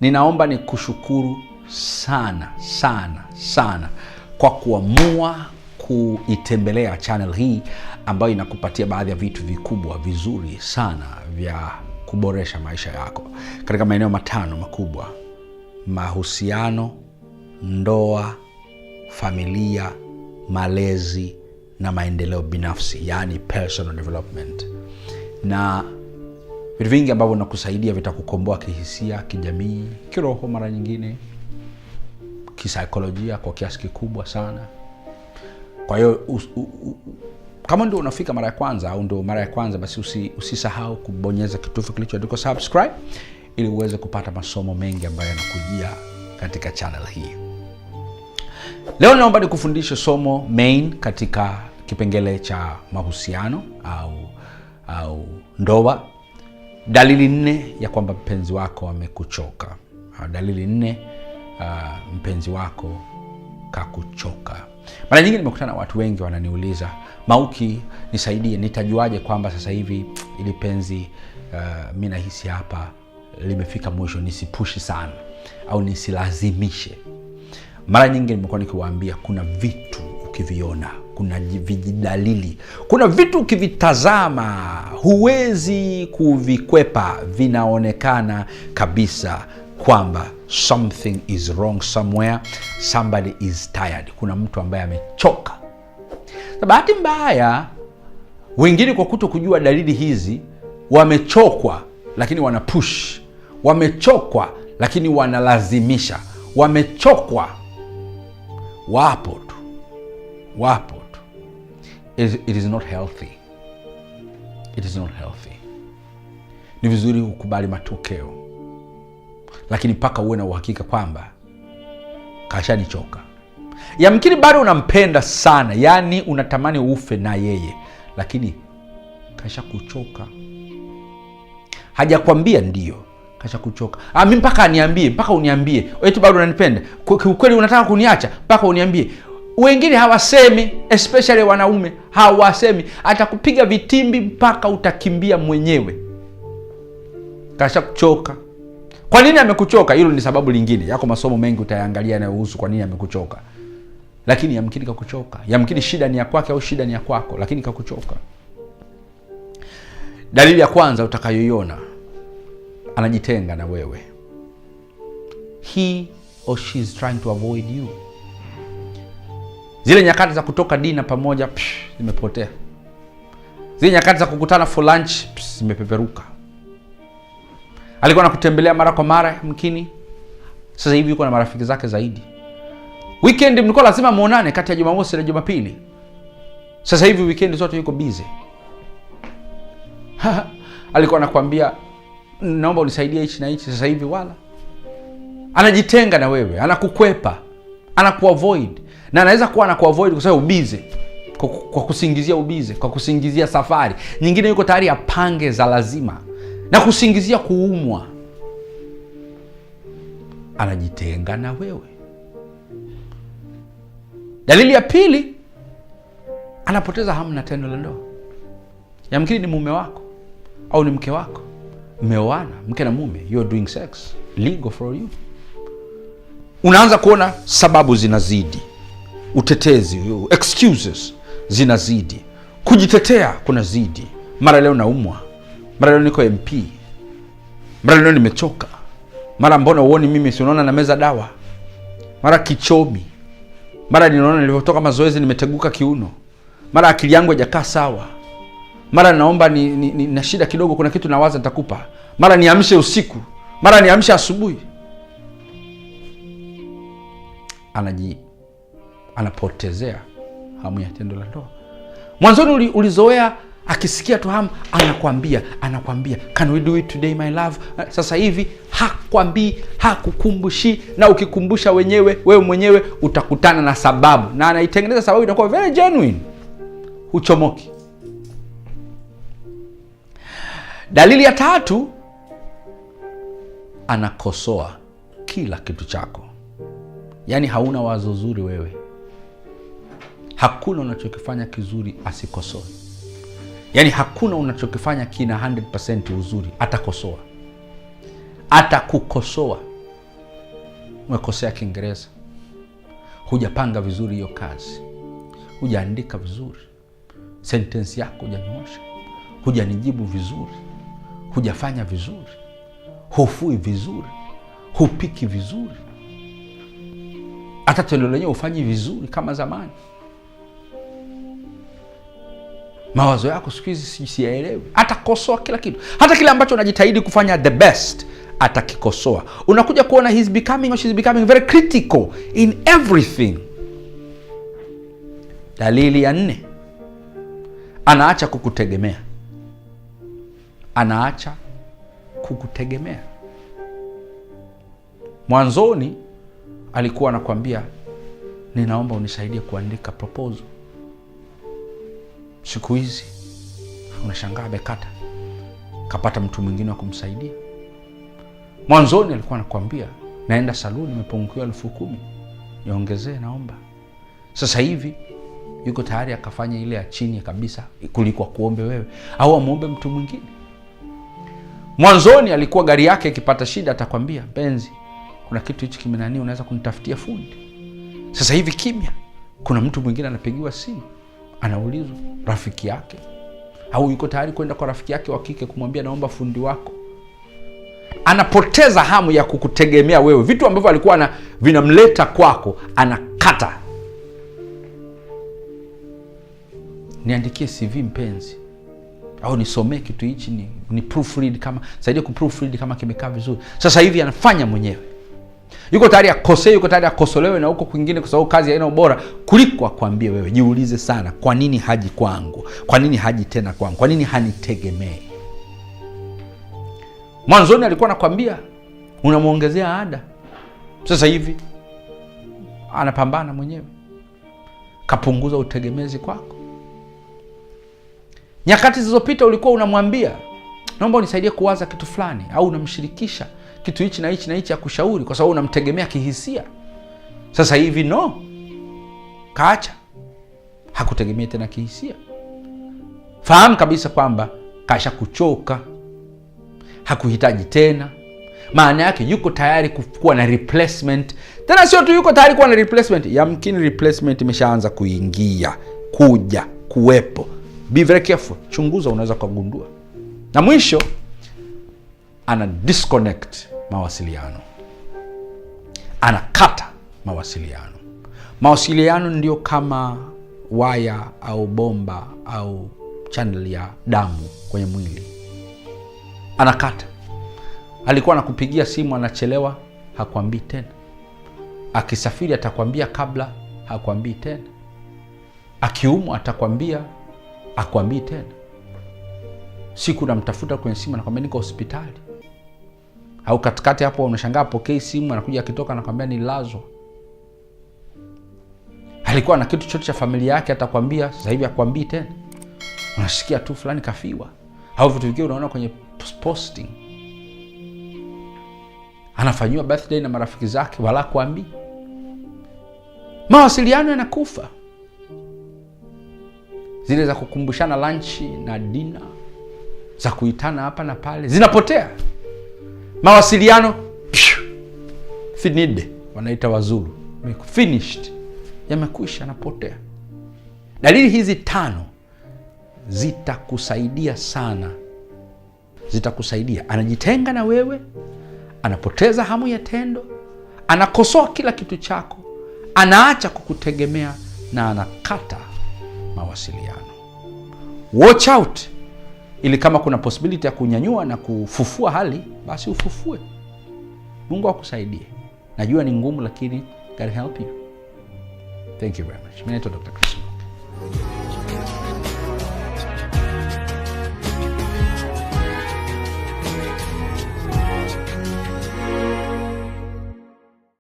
ninaomba kushukuru sana sana sana kwa kuamua kuitembelea chanel hii ambayo inakupatia baadhi ya vitu vikubwa vizuri sana vya kuboresha maisha yako katika maeneo matano makubwa: mahusiano, ndoa, familia, malezi na maendeleo binafsi, yani personal development na vitu vingi ambavyo nakusaidia vitakukomboa kihisia kijamii kiroho mara nyingine kisaikolojia kwa kiasi kikubwa sana kwa hiyo kama ndio unafika mara ya kwanza au ndio mara ya kwanza basi usi, usisahau kubonyeza kitufe kilichoandikwa subscribe ili uweze kupata masomo mengi ambayo yanakujia katika channel hii leo naomba nikufundishe somo main katika kipengele cha mahusiano au au ndoa Dalili nne ya kwamba mpenzi wako amekuchoka. Ah, dalili nne uh, mpenzi wako kakuchoka. Mara nyingi nimekutana na watu wengi wananiuliza, Mauki, nisaidie, nitajuaje kwamba sasa hivi ili penzi uh, mi nahisi hapa limefika mwisho, nisipushi sana au nisilazimishe. Mara nyingi nimekuwa nikiwaambia kuna vitu ukiviona kuna vijidalili, kuna vitu ukivitazama huwezi kuvikwepa, vinaonekana kabisa kwamba something is wrong somewhere, somebody is tired. Kuna mtu ambaye amechoka. Na bahati mbaya, wengine kwa kuto kujua dalili hizi wamechokwa, lakini wanapush, wamechokwa lakini wanalazimisha, wamechokwa, wapo tu, wapo it, it is not healthy. It is not healthy. Ni vizuri ukubali matokeo, lakini mpaka uwe na uhakika kwamba kashanichoka. Yamkini bado unampenda sana, yaani unatamani ufe na yeye, lakini kuchoka Hajakwambia ndio, kashakuchoka. Ah, mi mpaka aniambie, mpaka uniambie tu bado unanipenda kiukweli, unataka kuniacha mpaka uniambie. Wengine hawasemi, especially wanaume hawasemi, atakupiga vitimbi mpaka utakimbia mwenyewe, kasha kuchoka. Kwa nini amekuchoka? Hilo ni sababu lingine, yako masomo mengi utayaangalia yanayohusu kwa nini amekuchoka, lakini yamkini kakuchoka, yamkini shida ni ya kwake au shida ni ya kwako, lakini kakuchoka. Dalili ya kwanza utakayoiona, anajitenga na wewe. He or she is trying to avoid you. Zile nyakati za kutoka dina pamoja psh, zimepotea. Zile nyakati za kukutana for lunch psh, zimepeperuka. Alikuwa nakutembelea mara kwa mara mkini, sasa hivi yuko na marafiki zake zaidi. Weekend mlikuwa lazima muonane kati ya Jumamosi na Jumapili, sasa hivi weekend zote yuko busy. Alikuwa anakwambia naomba unisaidie hichi na hichi, sasa hivi wala anajitenga na wewe, anakukwepa, anakuavoid na anaweza kuwa na kuavoid kwa sababu ubize, kwa, kusingizia ubize, kwa kusingizia safari nyingine, yuko tayari apange za lazima na kusingizia kuumwa, anajitenga na wewe. Dalili ya pili, anapoteza hamu na tendo la ndoa. Yamkini ni mume wako au ni mke wako, mmeoana, mke na mume, you are doing sex legal for you. Unaanza kuona sababu zinazidi utetezi, excuses zinazidi, kujitetea kuna zidi Mara leo naumwa, mara leo niko MP, mara leo nimechoka, mara mbona uoni mimi, si unaona na meza dawa, mara kichomi, mara ninaona nilivyotoka mazoezi nimeteguka kiuno, mara akili yangu haijakaa sawa, mara naomba ni, ni, ni, na shida kidogo, kuna kitu nawaza nitakupa, mara niamshe usiku, mara niamshe asubuhi anaji anapotezea hamu ya tendo la ndoa. Mwanzoni ulizoea akisikia tu hamu anakwambia, anakwambia can we do it today my love. Eh, sasa hivi hakwambii, hakukumbushi, na ukikumbusha wenyewe wewe mwenyewe utakutana na sababu, na anaitengeneza sababu inakuwa very genuine, huchomoki. Dalili ya tatu, anakosoa kila kitu chako, yaani hauna wazo zuri wewe hakuna unachokifanya kizuri asikosoe. Yaani hakuna unachokifanya kina 100% uzuri, atakosoa, atakukosoa. Umekosea Kiingereza, hujapanga vizuri hiyo kazi, hujaandika vizuri sentensi yako, hujanyoosha, hujanijibu vizuri, hujafanya vizuri, hufui vizuri, hupiki vizuri, hata tendo lenyewe hufanyi vizuri kama zamani. Mawazo yako siku hizi siyaelewi, atakosoa kila kitu, hata kile ambacho unajitahidi kufanya the best atakikosoa. Unakuja kuona he's becoming or she's becoming very critical in everything. Dalili ya nne, anaacha kukutegemea, anaacha kukutegemea. Mwanzoni alikuwa anakwambia ninaomba unisaidie kuandika proposal Siku hizi unashangaa amekata kapata mtu mwingine wa kumsaidia. Mwanzoni alikuwa anakuambia naenda saluni, nimepungukiwa elfu kumi niongezee, naomba. Sasa hivi yuko tayari akafanya ile ya chini kabisa kuliko kuombe wewe au amwombe mtu mwingine. Mwanzoni alikuwa gari yake ikipata shida atakwambia penzi kuna kitu hichi kimenani, unaweza kunitafutia fundi. Sasa hivi kimya, kuna mtu mwingine anapigiwa simu anaulizwa rafiki yake au yuko tayari kwenda kwa rafiki yake wa kike kumwambia naomba fundi wako anapoteza hamu ya kukutegemea wewe vitu ambavyo alikuwa na vinamleta kwako anakata niandikie cv mpenzi au nisomee kitu hichi ni, ni proofread kama saidia kuproofread kama kimekaa vizuri sasa hivi anafanya mwenyewe Yuko tayari akosee, yuko tayari akosolewe na huko kwingine, kwa sababu kazi haina ubora, kuliko akwambie wewe. Jiulize sana, kwa nini haji kwangu? Kwa nini haji tena kwangu? Kwa nini hanitegemee? Mwanzoni alikuwa nakwambia unamwongezea ada, sasa hivi anapambana mwenyewe, kapunguza utegemezi kwako. Nyakati zilizopita ulikuwa unamwambia naomba unisaidie kuwaza kitu fulani, au unamshirikisha kitu hichi na hichi na hichi akushauri, kwa sababu unamtegemea kihisia. Sasa hivi no, kaacha, hakutegemea tena kihisia. Fahamu kabisa kwamba kasha kuchoka, hakuhitaji tena. Maana yake yuko tayari kuwa na replacement. Tena sio tu yuko tayari kuwa na replacement, yamkini replacement imeshaanza kuingia kuja kuwepo. Be very careful, chunguza, unaweza ukagundua. Na mwisho ana disconnect mawasiliano, anakata mawasiliano. Mawasiliano ndio kama waya au bomba au channel ya damu kwenye mwili, anakata. Alikuwa anakupigia simu, anachelewa, hakuambii tena. Akisafiri atakwambia kabla, hakuambii tena. Akiumwa atakwambia, akuambii tena. Siku namtafuta kwenye simu, anakwambia niko hospitali au katikati hapo unashangaa pokei simu, anakuja akitoka anakwambia nilazwa. Alikuwa na kitu chote cha familia yake, atakwambia sasa hivi akwambii tena, unasikia tu fulani kafiwa, au vitu vingine unaona kwenye posting, anafanyiwa birthday na marafiki zake, wala kuambii. Mawasiliano yanakufa, zile za kukumbushana lanchi na dina, za kuitana hapa na pale zinapotea mawasiliano finide wanaita wazulu mm. finished, yamekwisha napotea. Dalili hizi tano zitakusaidia sana, zitakusaidia. Anajitenga na wewe, anapoteza hamu ya tendo, anakosoa kila kitu chako, anaacha kukutegemea na anakata mawasiliano. Watch out ili kama kuna possibility ya kunyanyua na kufufua hali basi ufufue. Mungu akusaidie. Najua ni ngumu, lakini God help you. Thank you very much. Mimi naitwa Dr. Chris.